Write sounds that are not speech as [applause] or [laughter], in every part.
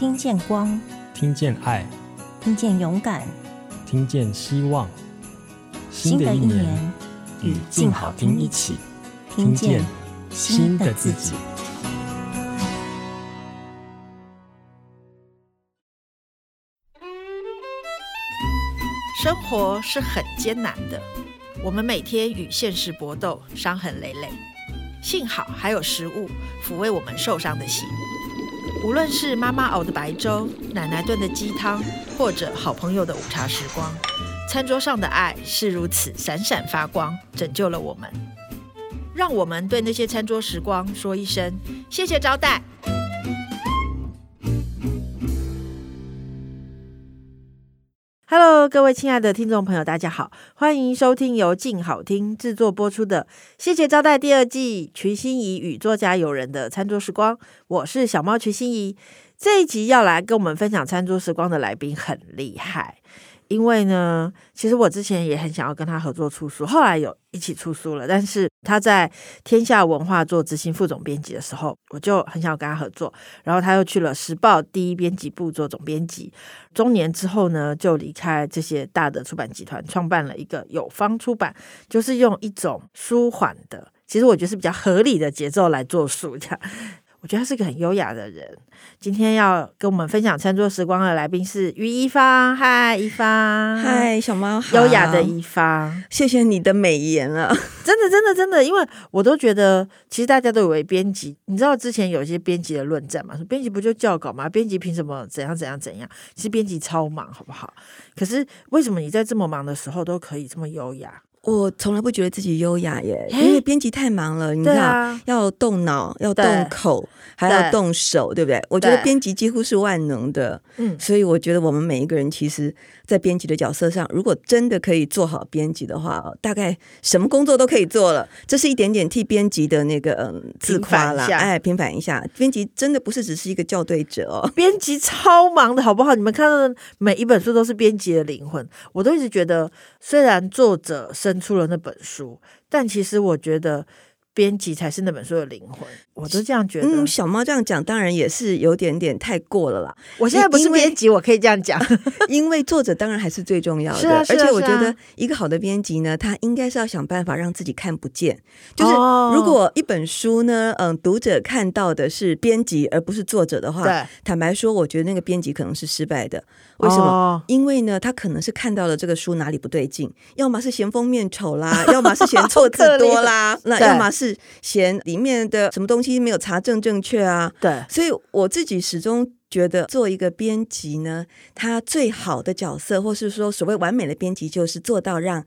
聽見光，聽見愛，聽見勇敢，聽見希望。新的一年與靜好聽一起，聽見新的自己。生活是很艱難的，我們每天與現實搏鬥，傷痕累累。幸好還有食物撫慰我們受傷的心。無論是媽媽熬的白粥、奶奶燉的雞湯，或者好朋友的午茶時光，餐桌上的愛是如此閃閃發光，拯救了我們。讓我們對那些餐桌時光說一聲謝謝招待。各位親愛的聽眾朋友，大家好，歡迎收聽由靜好聽製作播出的《謝謝招待》第二季，瞿欣怡與作家友人的餐桌時光。我是小貓瞿欣怡，這一集要來跟我們分享餐桌時光的來賓很厲害。因為呢，其實我之前也很想要跟他合作出書，後來有一起出書了。但是他在天下文化做執行副總編輯的時候，我就很想要跟他合作。然後他又去了時報第一編輯部做總編輯，中年之後呢，就離開這些大的出版集團，創辦了一個有方出版，就是用一種舒緩的，其實我覺得是比較合理的節奏來做書這樣。我覺得他是個很優雅的人。今天要跟我們分享《餐桌時光》的來賓是余宜芳。嗨，宜芳！嗨，小貓！優雅的宜芳，謝謝你的美言了、啊。真的，真的，真的，因為我都覺得，其實大家都以為編輯，你知道之前有一些編輯的論戰嘛？說編輯不就校稿嘛？編輯憑什麼怎樣怎樣怎樣？其實編輯超忙，好不好？可是為什麼你在這麼忙的時候都可以這麼優雅？我從來不覺得自己優雅耶，誒因為編輯太忙了，你知道，啊、要動腦，要動口，對還要動手，對，對不對？我覺得編輯幾乎是萬能的，嗯對，所以我覺得我們每一個人其實，在編輯的角色上，如果真的可以做好編輯的話，大概什麼工作都可以做了。這是一點點替編輯的那個嗯、呃、自誇了，哎，平反一下，編輯真的不是只是一個校對者哦，編輯超忙的，好不好？你們看到的每一本書都是編輯的靈魂，我都一直覺得，雖然作者是。登出了那本書，但其實我覺得，編輯才是那本書的靈魂，我都這樣覺得。嗯，小貓這樣講當然也是有點點太過了啦。我現在不是編輯，為我可以這樣講， [laughs] 因為作者當然還是最重要的。是啊是啊，而且我覺得一個好的編輯呢，他應該是要想辦法讓自己看不見。就是，哦，如果一本書呢，嗯，讀者看到的是編輯而不是作者的話，對坦白說，我覺得那個編輯可能是失敗的。為什麼？哦，因為呢，他可能是看到了這個書哪裡不對勁，要麼是嫌封面醜啦，要麼是嫌錯字多 [laughs] 啦，那要麼是。嫌裡面的什麼東西沒有查證正確啊？對，所以我自己始終覺得，做一個編輯呢，他最好的角色，或是說所謂完美的編輯，就是做到讓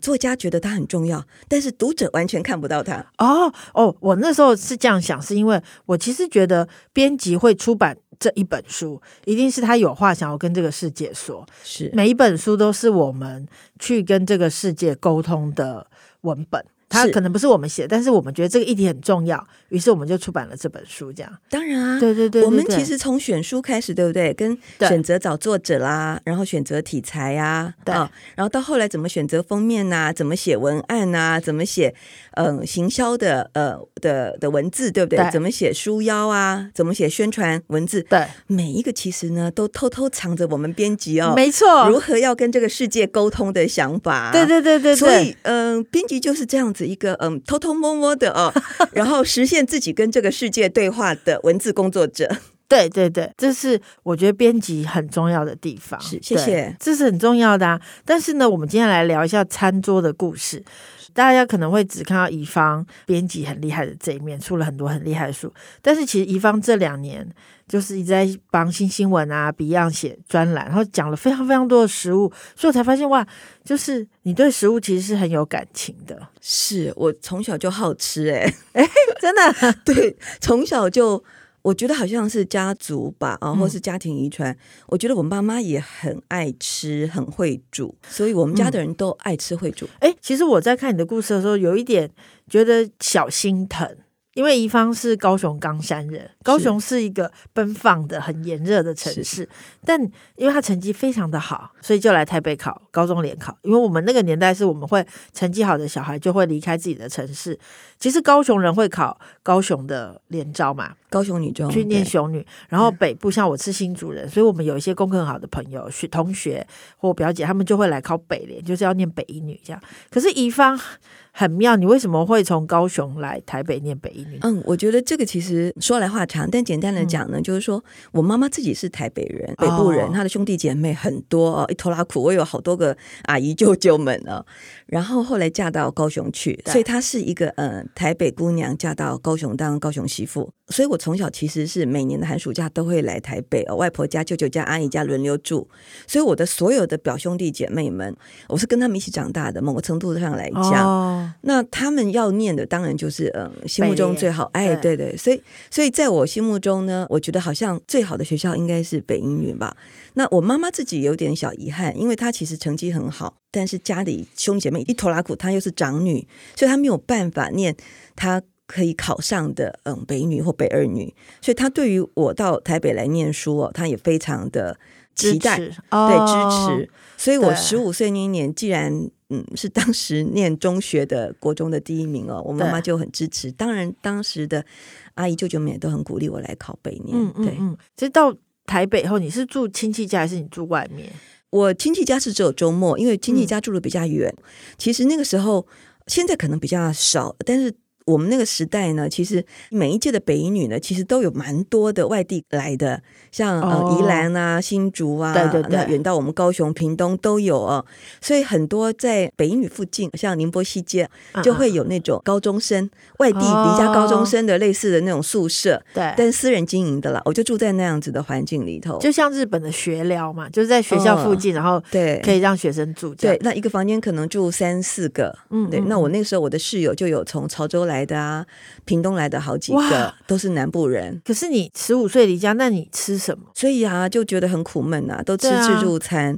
作家覺得他很重要，但是讀者完全看不到他。哦哦，我那時候是這樣想，是因為我其實覺得，編輯會出版這一本書，一定是他有話想要跟這個世界說。是，每一本書都是我們去跟這個世界溝通的文本。他可能不是我們寫，是但是我們覺得這個議題很重要，於是我們就出版了這本書。這樣，當然啊，對對，對對對，我們其實從選書開始，對不對？跟選擇找作者啦、對然後選擇題材呀、啊，對、哦，然後到後來怎麼選擇封面吶、啊，怎麼寫文案吶、啊，怎麼寫嗯、呃，行銷的呃的的文字，對不對？對，怎麼寫書腰啊，怎麼寫宣傳文字？對，每一個其實呢，都偷偷藏着我們編輯哦，沒錯，如何要跟這個世界溝通的想法、啊。對對對對對，所以嗯、呃，編輯就是這樣的。一個嗯，偷偷摸摸的哦， [laughs] 然後實現自己跟這個世界對話的文字工作者，對對對，這是我覺得編輯很重要的地方。是，對謝謝，這是很重要的啊。但是呢，我們今天來聊一下餐桌的故事。大家可能會只看到宜芳編輯很厲害的這一面，出了很多很厲害的書。但是其實宜芳這兩年就是一直在幫新新聞啊、Beyond 寫專欄，然後講了非常非常多的食物，所以我才發現哇，就是你對食物其實是很有感情的。是我從小就好吃、欸，誒，誒，真的 [laughs] 對，從小就。我覺得好像是家族吧，啊、哦，或是家庭遺傳。嗯、我覺得我媽媽也很愛吃，很會煮，所以我們家的人都愛吃、嗯、會煮。哎、欸，其實我在看你的故事的時候，有一點覺得小心疼，因為宜芳是高雄岡山人，高雄是一個奔放的、是很炎熱的城市，是但因為他成績非常的好，所以就來台北考。高中聯考，因為我們那個年代是我們會成績好的小孩就會離開自己的城市。其實高雄人會考高雄的聯招嘛，高雄女中去念雄女，對然後北部，像我是新竹人，嗯、所以我們有一些功課很好的朋友、學同學或表姐，他們就會來考北聯，就是要念北一女這樣。可是宜芳很妙，你為什麼會從高雄來台北念北一女？嗯，我覺得這個其實說來話長，但簡單的講呢，嗯、就是說我媽媽自己是台北人，北部人，她、哦、的兄弟姐妹很多一拖、哦、拉庫，我有好多個。阿、啊、姨舅舅們了，然後後來嫁到高雄去，對所以她是一個嗯、呃、台北姑娘嫁到高雄當高雄媳婦。所以我從小其實是每年的寒暑假都會來台北、哦、外婆家、舅舅家、阿姨家輪流住。所以我的所有的表兄弟姐妹們，我是跟他們一起長大的。某個程度上來講，哦、那他們要念的當然就是嗯、呃、心目中最好。哎對，對對，所以所以在我心目中呢，我覺得好像最好的學校應該是北一女吧。那我媽媽自己有點小遺憾，因為她其實成。成績很好，但是家裡兄姐妹一拖拉庫，她又是長女，所以她沒有辦法念，她可以考上的嗯北一女或北二女，所以她對於我到台北來念書哦，她也非常的期待，支持對、哦、支持，所以我十五歲那一年，既然對嗯是當時念中學的國中的第一名哦，我媽媽就很支持，對當然當時的阿姨舅舅們也都很鼓勵我來考北一女。對嗯嗯嗯。其實到台北以後，你是住親戚家還是你住外面？我親戚家是只有週末，因為親戚家住的比較遠。嗯、其實那個時候，現在可能比較少，但是。我們那個時代呢，其實每一屆的北一女呢，其實都有蠻多的外地來的，像、哦、宜蘭啊、新竹啊，對，對對，遠到我們高雄、屏東都有哦。所以很多在北一女附近，像寧波西街，嗯嗯就會有那種高中生外地離家高中生的類似的那種宿舍，對、哦，但私人經營的啦。我就住在那樣子的環境裡頭，就像日本的學寮嘛，就是在學校附近，哦、然後對，可以讓學生住。對，那一個房間可能住三四個，嗯，嗯，對。那我那個時候我的室友就有從潮州來。來的啊，屏東來的，好幾個哇都是南部人。可是你十五歲離家，那你吃什麼？所以啊，就覺得很苦悶啊，都吃自助餐。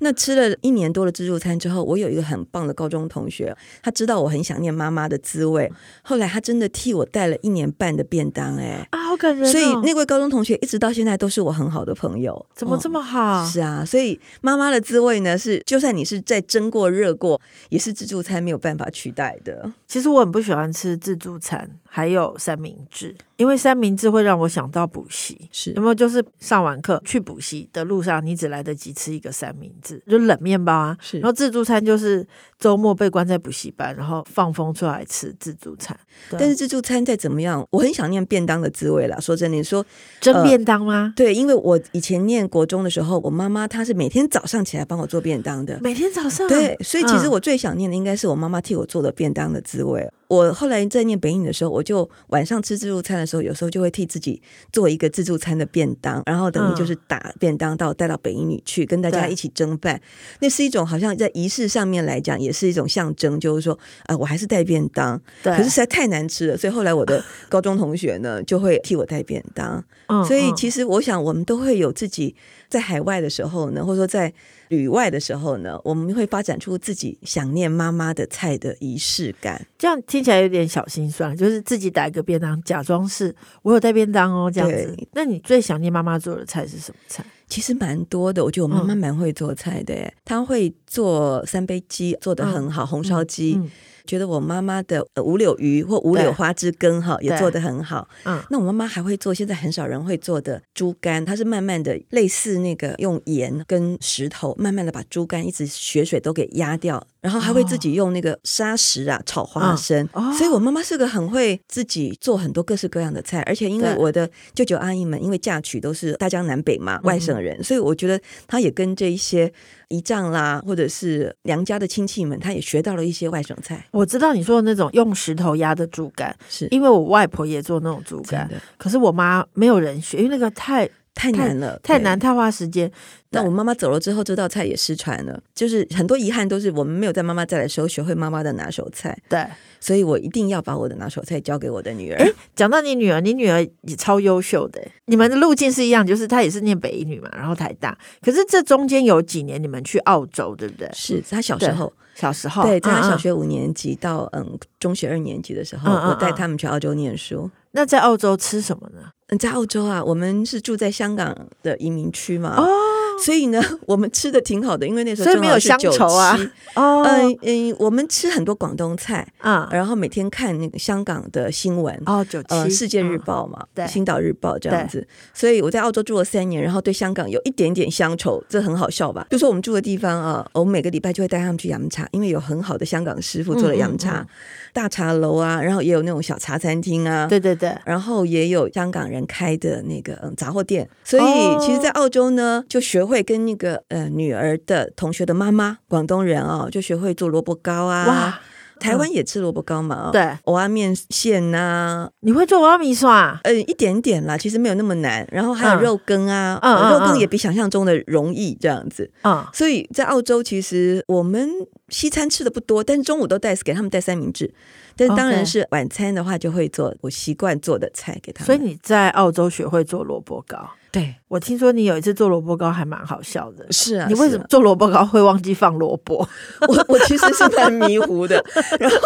那吃了一年多的自助餐之後，我有一個很棒的高中同學，他知道我很想念媽媽的滋味。後來他真的替我帶了一年半的便當。欸，哎啊，好感人，哦！所以那位高中同學一直到現在都是我很好的朋友。怎麼這麼好？哦、是啊，所以媽媽的滋味呢，是就算你是在蒸過、熱過，也是自助餐沒有辦法取代的。其實我很不喜歡吃自助餐。還有三明治，因為三明治會讓我想到補習，是，那麼就是上完課去補習的路上，你只來得及吃一個三明治，就冷麵包啊。是，然後自助餐就是周末被關在補習班，然後放風出來吃自助餐。但是自助餐再怎麼樣，我很想念便當的滋味啦。說真的，你說蒸便當嗎？呃？對，因為我以前念國中的時候，我媽媽她是每天早上起來幫我做便當的，每天早上。對，所以其實我最想念的應該是我媽媽替我做的便當的滋味。嗯我後來在念北一女的時候，我就晚上吃自助餐的時候，有時候就會替自己做一個自助餐的便當，然後等於就是打便當到帶到北一女裡去，跟大家一起蒸飯。對那是一種好像在儀式上面來講，也是一種象徵，就是說，啊，我還是帶便當，對可是實在太難吃了，所以後來我的高中同學呢，就會替我帶便當。所以其實我想，我們都會有自己在海外的時候呢，或者說在。旅外的時候呢，我們會發展出自己想念媽媽的菜的儀式感。這樣聽起來有點小心酸，就是自己打一個便當，假裝是我有帶便當哦，這樣子。對那你最想念媽媽做的菜是什麼菜？其實蠻多的，我覺得我媽媽蠻會做菜的，她、嗯、會做三杯雞，做得很好，嗯、紅燒雞，嗯嗯、覺得我媽媽的五柳魚或五柳花枝羹哈，也做得很好。啊、嗯，那我媽媽還會做，現在很少人會做的豬肝，它是慢慢的類似那個用鹽跟石頭慢慢的把豬肝一直血水都給壓掉。然後還會自己用那個砂石啊、哦、炒花生，嗯哦、所以，我媽媽是個很會自己做很多各式各樣的菜。而且，因為我的舅舅阿姨們因為嫁娶都是大江南北嘛，嗯、外省人，所以我覺得她也跟這一些姨丈啦，或者是娘家的親戚們，她也學到了一些外省菜。我知道你說的那種用石頭壓的竹竿，是因為我外婆也做那種竹竿，的可是我媽沒有人學，因為那個太。太難了，太難，對太花時間。對對但我媽媽走了之後，這道菜也失傳了。就是很多遺憾，都是我們沒有在媽媽在的時候學會媽媽的拿手菜。對，所以我一定要把我的拿手菜交給我的女兒。哎，講到你女兒，你女兒也超優秀的。你們的路徑是一樣，就是她也是念北一女嘛，然後台大。可是這中間有幾年你們去澳洲，對不對？是她小時候，小時候，對，在她小學五年級到嗯中學二年級的時候，嗯嗯嗯嗯我帶他們去澳洲念書。那在澳洲吃什麼呢？在澳洲啊，我們是住在香港的移民區嘛。Oh! 所以呢，我們吃的挺好的，因為那時候 97, 所以沒有鄉愁啊。哦、oh. 呃，嗯、呃、嗯，我們吃很多廣東菜啊，oh. 然後每天看那個香港的新聞哦，就七、oh, 97? 呃、世界日報嘛，對，《星島日報》這樣子。對所以我在澳洲住了三年，然後對香港有一點點鄉愁，這很好笑吧？就說我們住的地方啊、呃，我們每個禮拜就會帶他們去飲茶，因為有很好的香港師傅做的飲茶，嗯嗯嗯大茶樓啊，然後也有那種小茶餐廳啊，對對對，然後也有香港人開的那個嗯雜貨店，所以、oh. 其實，在澳洲呢就學。會跟那個呃女兒的同學的媽媽，廣東人哦，就學會做蘿蔔糕啊。哇嗯、台灣也吃蘿蔔糕嘛啊、哦。對，蚵仔麵線啊。你會做蚵仔麵線啊？嗯、呃，一點點啦，其實沒有那麼難。然後還有肉羹啊，肉羹也比想象中的容易這樣子啊。嗯、所以在澳洲，其實我們西餐吃的不多，但是中午都帶給他們帶三明治。但是當然是晚餐的話，就會做我習慣做的菜給他們。所以你在澳洲學會做蘿蔔糕。對，我聽說你有一次做蘿蔔糕還蠻好笑的。是啊，你為什麼做蘿蔔糕會忘記放蘿蔔？啊啊、我我其實是很迷糊的， [laughs] 然後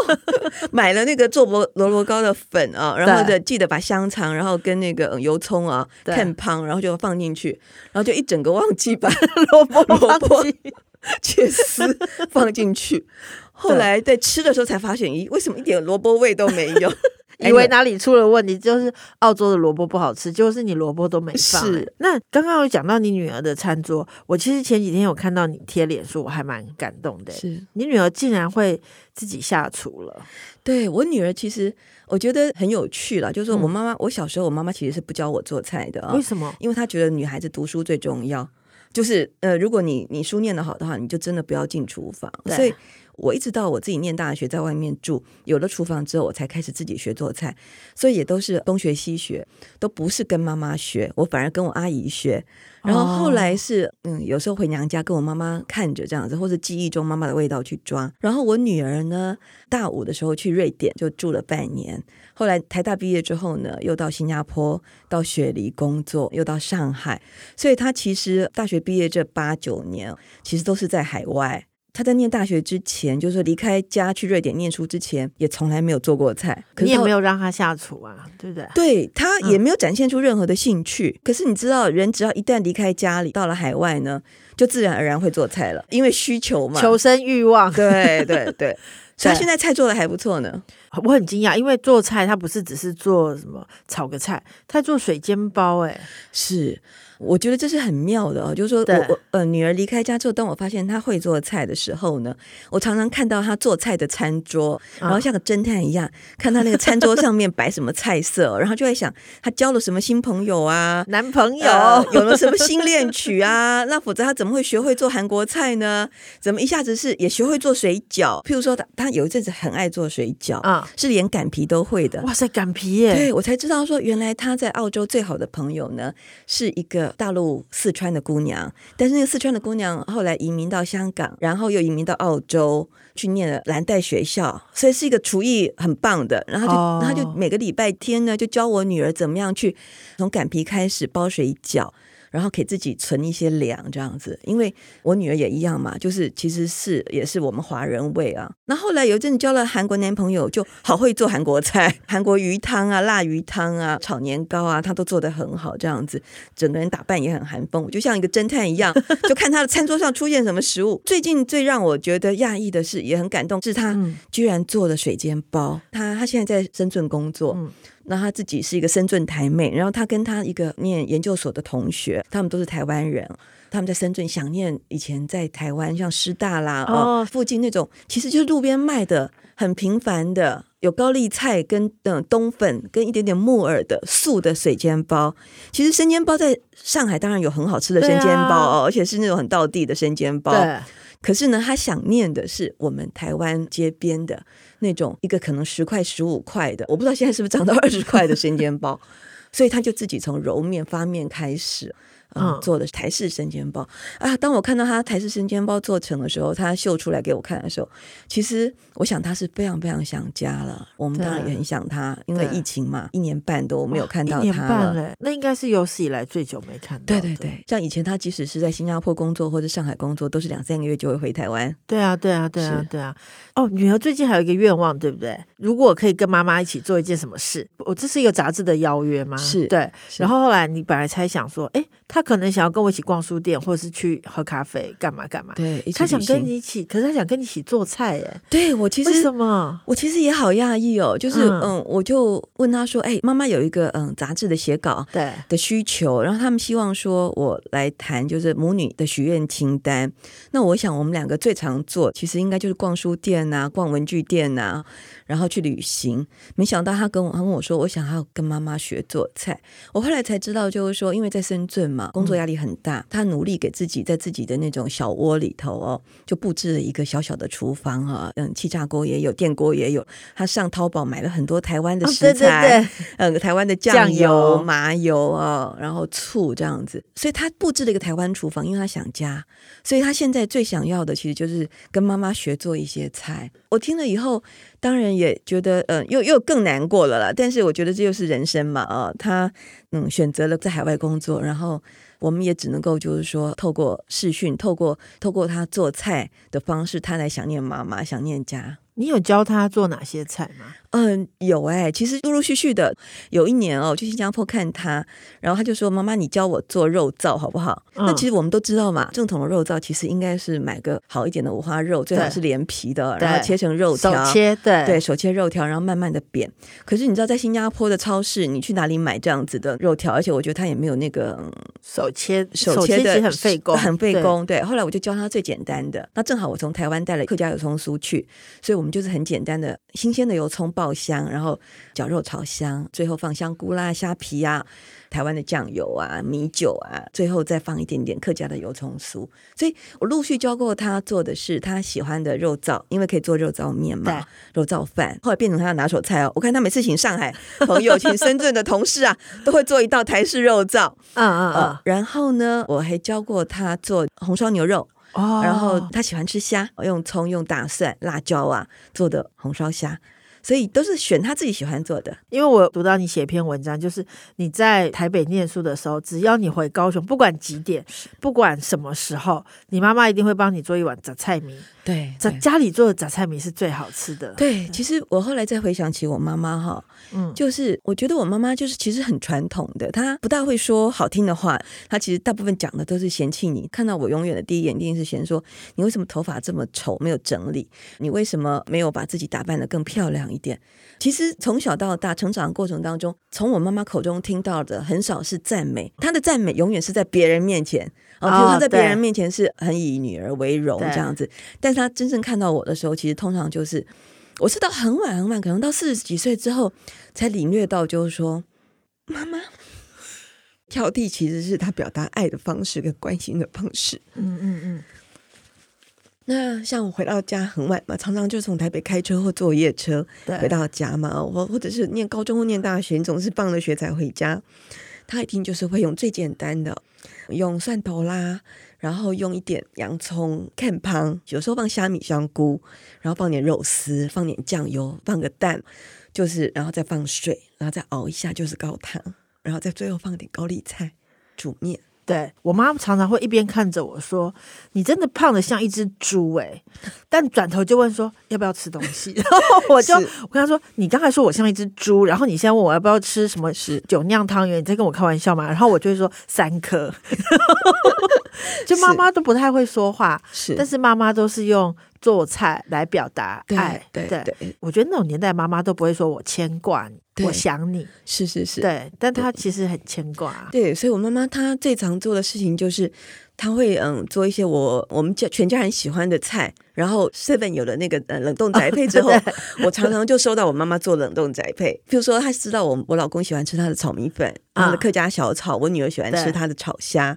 買了那個做蘿蘿蔔糕，糕的粉啊，然後的記得把香腸，然後跟那個油蔥啊，對看湯，然後就放進去，然後就一整個忘記把蘿蔔蘿蔔記 [laughs] 切絲放進去。後來在吃的時候才發現，咦，為什麼一點蘿蔔味都沒有？ [laughs] 以為哪裡出了問題，就是澳洲的蘿蔔不好吃，結果是你蘿蔔都沒放。是的那剛剛有講到你女兒的餐桌，我其實前幾天有看到你貼臉書，我還蠻感動的，欸。是你女兒竟然會自己下廚了？對我女兒，其實我覺得很有趣啦。就是說我媽媽，嗯，我小時候我媽媽其實是不教我做菜的，喔。為什麼？因為她覺得女孩子讀書最重要。嗯、就是呃，如果你你書念得好的話，你就真的不要進廚房。嗯、所以。我一直到我自己念大學，在外面住，有了廚房之後，我才開始自己學做菜，所以也都是東學西學，都不是跟媽媽學，我反而跟我阿姨學。然後後來是，哦、嗯，有時候回娘家跟我媽媽看着這樣子，或是記憶中媽媽的味道去抓。然後我女兒呢，大五的時候去瑞典就住了半年，後來台大畢業之後呢，又到新加坡到雪梨工作，又到上海，所以她其實大學畢業這八九年，其實都是在海外。他在念大學之前，就是離開家去瑞典念書之前，也從來沒有做過菜。你也沒有讓他下廚啊，對不對？對，他也沒有展現出任何的興趣。嗯、可是你知道，人只要一旦離開家裡，到了海外呢，就自然而然會做菜了，因為需求嘛，求生欲望。對對對，對對 [laughs] 所以他現在菜做得還不錯呢。我很驚訝，因為做菜他不是只是做什麼炒個菜，他做水煎包哎、欸，是。我覺得這是很妙的哦，就是說我對呃女兒離開家之後，當我發現她會做菜的時候呢，我常常看到她做菜的餐桌，然後像個偵探一樣，看她那個餐桌上面擺什麼菜色，然後就在想她交了什麼新朋友啊，男朋友、呃、有了什麼新戀曲啊？那否則她怎麼會學會做韓國菜呢？怎麼一下子是也學會做水餃？譬如說她她有一陣子很愛做水餃啊，哦、是連擀皮都會的。哇塞，擀皮耶！對，我才知道說，原來她在澳洲最好的朋友呢是一個。大陸四川的姑娘，但是那個四川的姑娘後來移民到香港，然後又移民到澳洲去念了藍帶學校，所以是一個廚藝很棒的。然後就，她、oh. 就每個禮拜天呢，就教我女兒怎麼樣去從擀皮開始包水餃。然後給自己存一些糧，這樣子，因為我女兒也一樣嘛，就是其實是也是我們華人味啊。那後來有一陣子交了韓國男朋友，就好會做韓國菜，韓國魚湯啊、辣魚湯啊、炒年糕啊，他都做得很好，這樣子，整個人打扮也很韓風，就像一個偵探一樣，就看他的餐桌上出現什麼食物。 [laughs] 最近最讓我覺得訝異的是，也很感動，是他居然做了水煎包。嗯、他他現在在深圳工作。嗯那他自己是一個深圳台妹，然後他跟他一個念研究所的同學，他們都是台灣人，他們在深圳想念以前在台灣像師大啦、Oh. 哦，附近那種，其實就是路邊賣的很平凡的，有高麗菜跟嗯、呃、冬粉跟一點點木耳的素的水煎包。其實生煎包在上海當然有很好吃的生煎包哦，啊、而且是那種很道地的生煎包。可是呢，他想念的是我們台灣街邊的那種一個可能十塊十五塊的，我不知道現在是不是漲到二十塊的生煎包， [laughs] 所以他就自己從揉麵發麵開始。嗯，做的台式生煎包，嗯、啊！當我看到他台式生煎包做成的時候，他秀出來給我看的時候，其實我想他是非常非常想家了。我們當然也很想他，因為疫情嘛，一年半都我沒有看到他了。那應該是有史以來最久沒看到。對對對，像以前他即使是在新加坡工作或者上海工作，都是兩三個月就會回台灣。對啊，對啊，對啊，對啊。是哦，女兒最近還有一個願望，對不對？如果可以跟媽媽一起做一件什麼事，我這是一個雜誌的邀約嗎？是，對。是然後後來你本來猜想說，哎、欸，他。他可能想要跟我一起逛書店，或者是去喝咖啡，幹嘛幹嘛？對，他想跟你一起，可是他想跟你一起做菜耶。對我其實為什麼？我其實也好訝異哦，就是嗯，嗯，我就問他說：“哎、欸，媽媽有一個嗯雜誌的寫稿對的需求，對然後他們希望說我來談，就是母女的許願清單。那我想我們兩個最常做，其實應該就是逛書店啊，逛文具店啊，然後去旅行。沒想到他跟我他跟我說，我想要跟媽媽學做菜。我後來才知道，就是說因為在深圳嘛。工作壓力很大，他努力給自己在自己的那種小窩裡頭哦，就布置了一個小小的廚房哈、哦、嗯，氣炸鍋也有，電鍋也有。他上淘寶買了很多台灣的食材，哦、對對對嗯，台灣的醬油、醬油麻油啊、哦，然後醋這樣子。所以他布置了一個台灣廚房，因為他想家。所以他現在最想要的其實就是跟媽媽學做一些菜。我聽了以後。當然也覺得，嗯、呃，又又更難過了啦。但是我覺得這就是人生嘛，啊、哦，他嗯選擇了在海外工作，然後我們也只能夠就是說，透過視訊，透過透過他做菜的方式，他來想念媽媽，想念家。你有教他做哪些菜嗎？嗯，有哎、欸，其實陸陸續續的，有一年哦，去新加坡看他，然後他就說：“媽媽，你教我做肉燥好不好？”嗯、那其實我們都知道嘛，正統的肉燥其實應該是買個好一點的五花肉，最好是連皮的，對，然後切成肉條，手切對，對，手切肉條，然後慢慢的扁。可是你知道，在新加坡的超市，你去哪裡買這樣子的肉條？而且我覺得他也沒有那個、嗯、手切手切的，切很費工，很費工。對，對，對，後來我就教他最簡單的。那正好我從台灣帶了客家油蔥酥，酥去，所以我們就是很簡單的新鮮的油蔥包。爆香，然後絞肉炒香，最後放香菇啦、蝦皮啊、台灣的醬油啊、米酒啊，最後再放一點點客家的油蔥酥。所以我陸續教過他做的是他喜歡的肉燥，因為可以做肉燥麵嘛，對肉燥飯。後來變成他的拿手菜哦。我看他每次請上海朋友、 [laughs] 請深圳的同事啊，都會做一道台式肉燥。啊啊啊！哦、然後呢，我還教過他做紅燒牛肉。哦，然後他喜歡吃蝦，用蔥、用大蒜、辣椒啊做的紅燒蝦。所以都是選他自己喜歡做的。因為我讀到你寫一篇文章，就是你在台北念書的時候，只要你回高雄，不管幾點，不管什麼時候，你媽媽一定會幫你做一碗炸菜米。對，對，家裡做的炸菜米是最好吃的。對，對其實我後來再回想起我媽媽哈，嗯，就是我覺得我媽媽就是其實很傳統的，她不大會說好聽的話，她其實大部分講的都是嫌棄你。看到我永遠的第一眼，一定是嫌說你為什麼頭髮這麼醜，沒有整理，你為什麼沒有把自己打扮得更漂亮一點，其實從小到大成長的過程當中，從我媽媽口中聽到的很少是讚美，她的讚美永遠是在別人面前，啊、哦，比如說她在別人面前是很以女兒為榮這樣子，對但是她真正看到我的時候，其實通常就是，我是到很晚很晚，可能到四十幾歲之後才領略到，就是說，媽媽挑剔其實是她表達愛的方式跟關心的方式，嗯嗯嗯。嗯嗯那像我回到家很晚嘛，常常就從台北開車或坐夜車回到家嘛，或對或者是念高中或念大學，你總是放了學才回家。他一定就是會用最簡單的，用蒜頭啦，然後用一點洋蔥爆香，有時候放蝦米、香菇，然後放點肉絲，放點醬油，放個蛋，就是然後再放水，然後再熬一下就是高湯，然後再最後放點高麗菜煮麵。對，我媽媽常常會一邊看着我說：“你真的胖得像一隻豬誒、欸、但轉頭就問說：“要不要吃東西？”然後我就是我跟她說：“你剛才說我像一隻豬，然後你現在問我要不要吃什麼是酒釀湯圓，你在跟我開玩笑嗎？”然後我就會說：“三顆。 [laughs] ”就媽媽都不太會說話，是，但是媽媽都是用。做菜來表達愛對，對，對，對，我覺得那種年代媽媽都不會說我牽掛，對我想你，是是是，對，但她其實很牽掛，對，所以我媽媽她最常做的事情就是，她會嗯做一些我我們家全家人喜歡的菜，然後 seven 有了那個呃冷凍宅配之後，哦、我常常就收到我媽媽做冷凍宅配，比如說她知道我我老公喜歡吃她的炒米粉，啊嗯、她的客家小炒，我女兒喜歡吃她的炒蝦。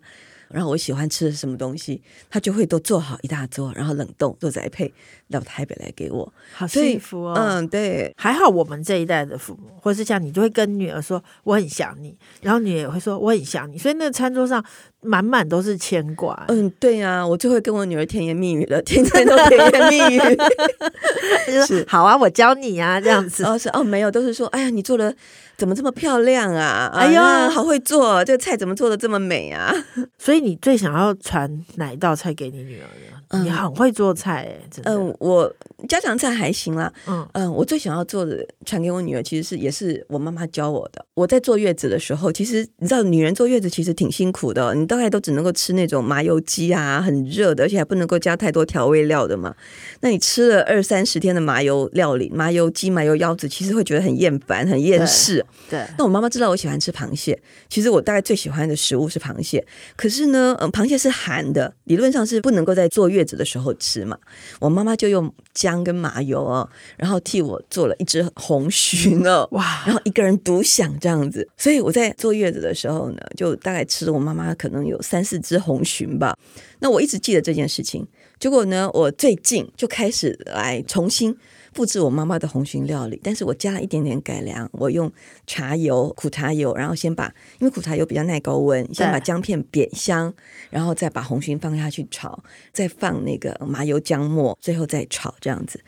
然後我喜歡吃的什麼東西，他就會都做好一大桌，然後冷凍做宅配到台北來給我，好幸福哦。嗯，對，還好我們這一代的父母，或是像你，就會跟女兒說我很想你，然後女兒也會說我很想你，所以那個餐桌上滿滿都是牽掛。嗯，對呀、啊，我就會跟我女兒甜言蜜語了，天天都甜言蜜語。就 [laughs] [laughs] 好啊，我教你啊，這樣子。嗯、哦，是哦，沒有，都是說，哎呀，你做的怎麼這麼漂亮啊？哎呀，啊、好會做，這個菜怎麼做的這麼美啊？所以你最想要傳哪一道菜給你女兒呢？你、嗯、很會做菜哎、欸，嗯，我家常菜還行啦。嗯嗯，我最想要做的傳給我女兒，其實是也是我媽媽教我的。我在坐月子的時候，其實你知道，女人坐月子其實挺辛苦的，你到。大概都只能夠吃那種麻油雞啊，很熱的，而且還不能夠加太多調味料的嘛。那你吃了二三十天的麻油料理、麻油雞、麻油腰子，其實會覺得很厭煩、很厭世。對。那我媽媽知道我喜歡吃螃蟹，其實我大概最喜歡的食物是螃蟹。可是呢，嗯，螃蟹是寒的，理論上是不能夠在坐月子的時候吃嘛。我媽媽就用薑跟麻油哦，然後替我做了一隻紅鱘哦，哇，然後一個人獨享這樣子。所以我在坐月子的時候呢，就大概吃了我媽媽可能有三四只紅鱘吧，那我一直記得這件事情。結果呢，我最近就開始來重新複制我媽媽的紅鱘料理，但是我加了一點點改良，我用茶油、苦茶油，然後先把，因為苦茶油比較耐高溫，對先把薑片煸香，然後再把紅鱘放下去炒，再放那個麻油、薑末，最後再炒這樣子。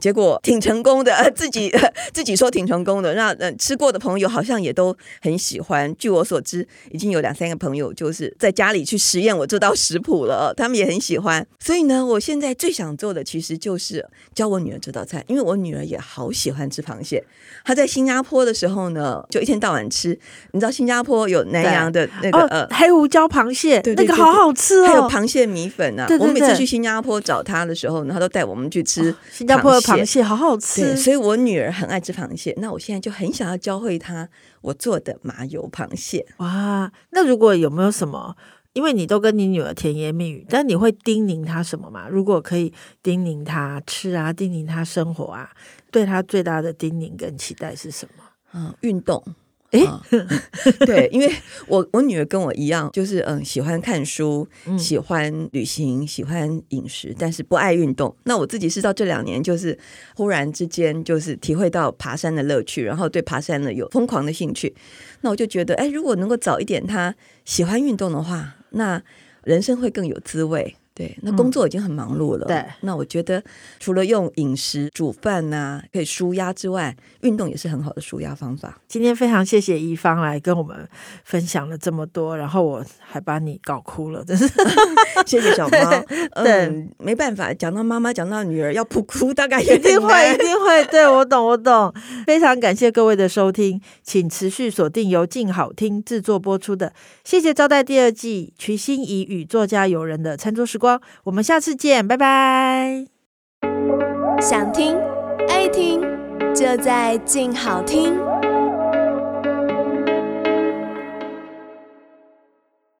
結果挺成功的，自己自己說挺成功的，嗯、呃，吃過的朋友好像也都很喜歡。據我所知，已經有兩三個朋友就是在家裡去實驗我這道食譜了，他們也很喜歡。所以呢，我現在最想做的其實就是教我女兒這道菜，因為我女兒也好喜歡吃螃蟹。她在新加坡的時候呢，就一天到晚吃。你知道新加坡有南洋的那個、哦、呃黑胡椒螃蟹，對，對，對，對那個好好吃哦。還有螃蟹米粉啊。對對對，我每次去新加坡找她的時候呢，她都帶我們去吃、哦、新加坡。螃蟹好好吃，所以我女兒很愛吃螃蟹。那我現在就很想要教會她我做的麻油螃蟹。哇，那如果有沒有什麼？因為你都跟你女兒甜言蜜語，但你會叮嚀她什麼嗎？如果可以叮嚀她吃啊，叮嚀她生活啊，對她最大的叮嚀跟期待是什麼？嗯，運動。欸、 [laughs] 對，因為我我女兒跟我一樣，就是嗯，喜歡看書，喜歡旅行，喜歡飲食，但是不愛運動。那我自己是到這兩年，就是忽然之間，就是體會到爬山的樂趣，然後對爬山呢有瘋狂的興趣。那我就覺得，哎、欸，如果能夠早一點，她喜歡運動的話，那人生會更有滋味。對，那工作已經很忙碌了。嗯嗯、對，那我覺得除了用飲食煮飯啊可以舒壓之外，運動也是很好的舒壓方法。今天非常謝謝宜芳來跟我們分享了這麼多，然後我還把你搞哭了，真是 [laughs] [laughs] 謝謝小貓。對對嗯，沒辦法，講到媽媽，講到女兒，要不哭大概一定會，一定會。對我懂，我懂。 [laughs] 非常感謝各位的收聽，請持續鎖定由靜好聽製作播出的《謝謝招待》第二季，徐欣怡與作家友人的餐桌時光。我們下次見，拜拜。想聽愛聽，就在鏡好聽。